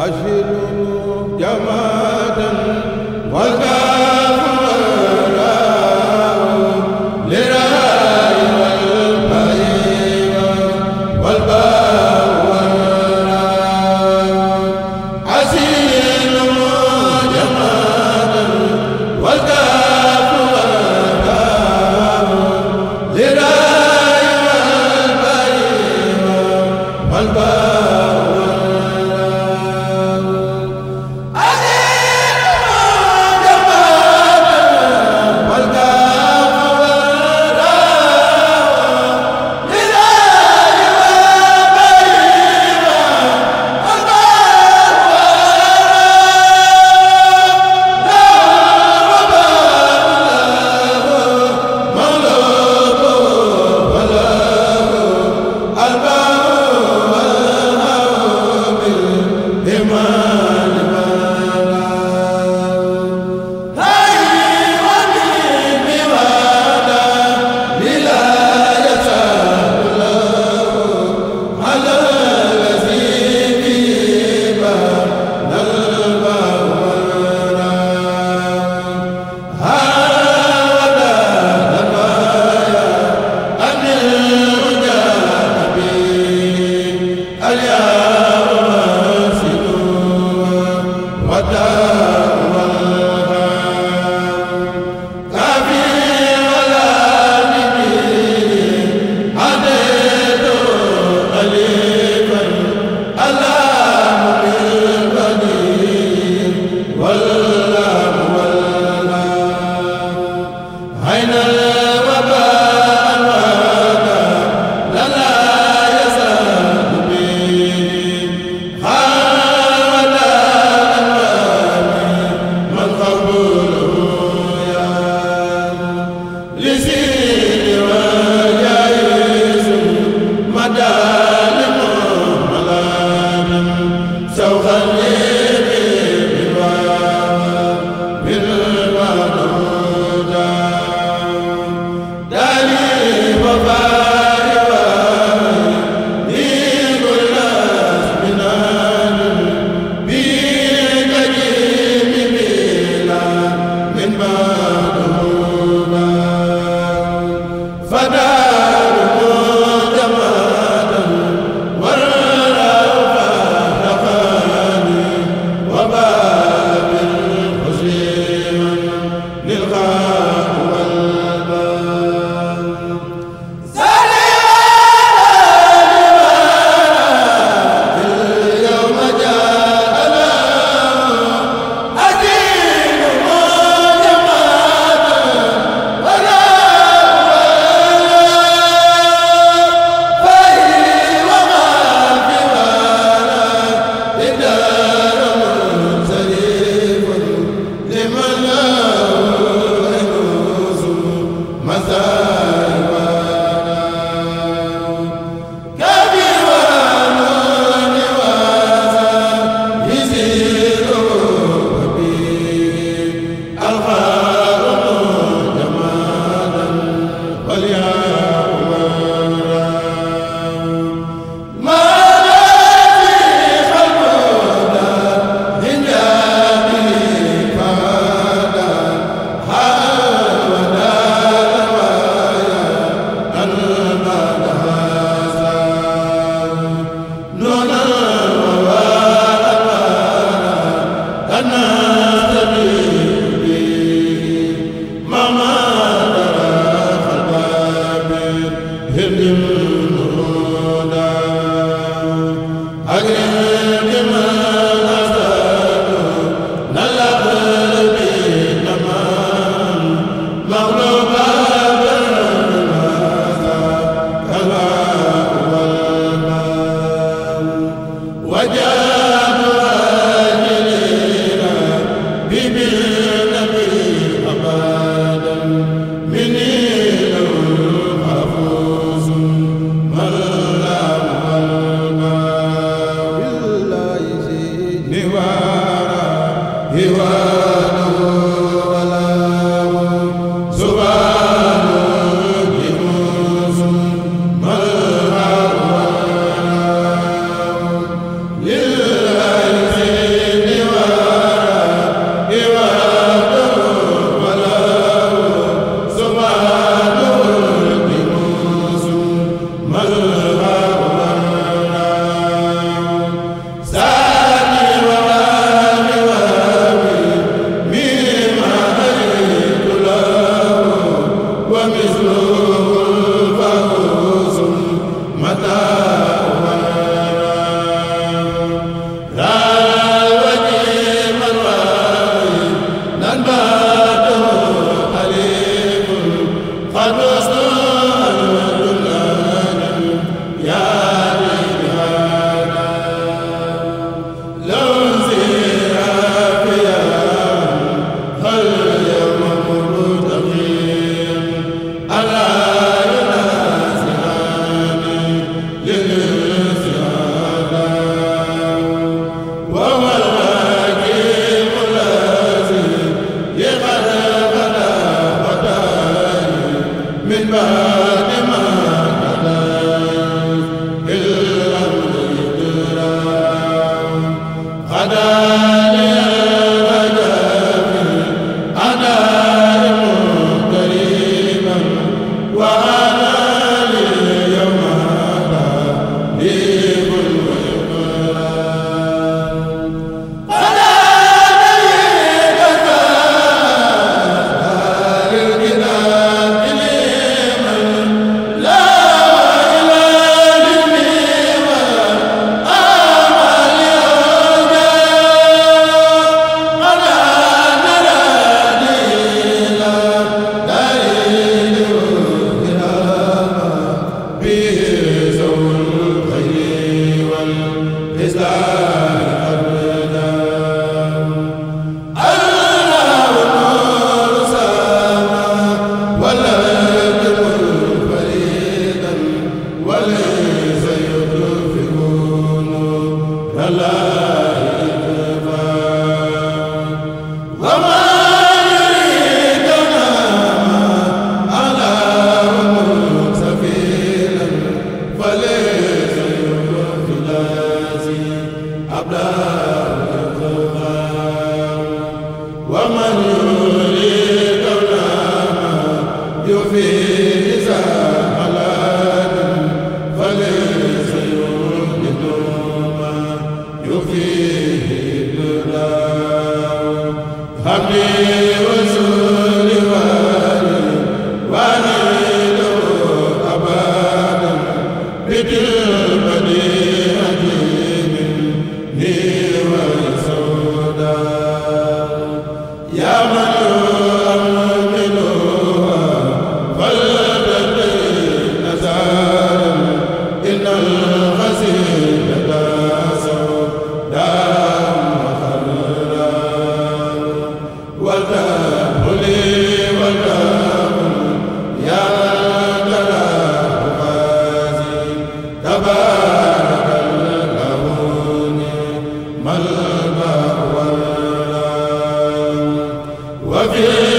أجل جمادا والباب la Muhammad min ba wa